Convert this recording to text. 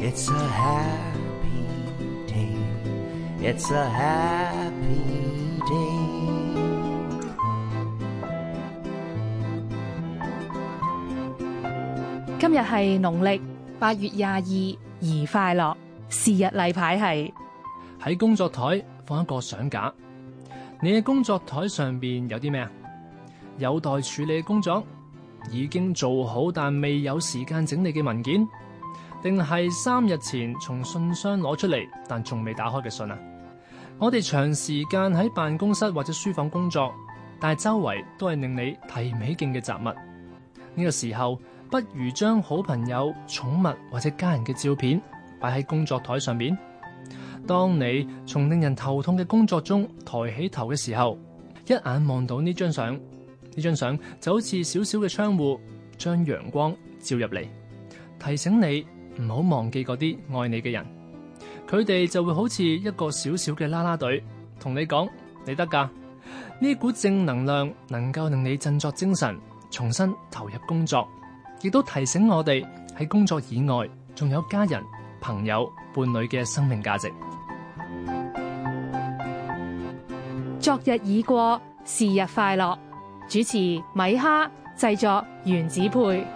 It's a happy day. It's a happy day. 今日係農曆八月廿二，而快樂是日例牌係喺工作台放一個相架。你嘅工作台上面有啲咩啊？有待處理嘅工作，已經做好但未有時間整理嘅文件。定係三日前從信箱攞出嚟但仲未打開嘅信啊！我哋長時間喺辦公室或者書房工作，但係周圍都係令你提唔起勁嘅雜物。呢個時候，不如將好朋友、寵物或者家人嘅照片擺喺工作檯上面。當你從令人頭痛嘅工作中抬起頭嘅時候，一眼望到呢張相，呢張相就好似小小嘅窗戶，將陽光照入嚟，提醒你。唔好忘記嗰啲愛你嘅人，佢哋就會好似一個小小嘅啦啦隊，同你講你得㗎。呢股正能量能夠令你振作精神，重新投入工作，亦都提醒我哋喺工作以外，仲有家人、朋友、伴侶嘅生命價值。昨日已過，是日快樂。主持米哈，製作原子配。